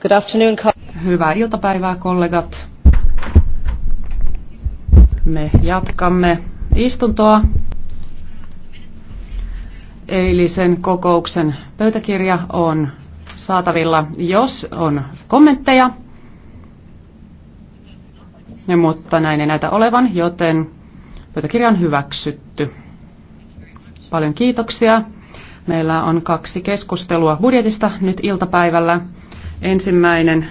Good afternoon. Hyvää iltapäivää kollegat. Me jatkamme istuntoa. Eilisen kokouksen pöytäkirja on saatavilla, jos on kommentteja. Ja, mutta näin ei näitä olevan, joten pöytäkirja on hyväksytty. Paljon kiitoksia. Meillä on kaksi keskustelua budjetista nyt iltapäivällä. Ensimmäinen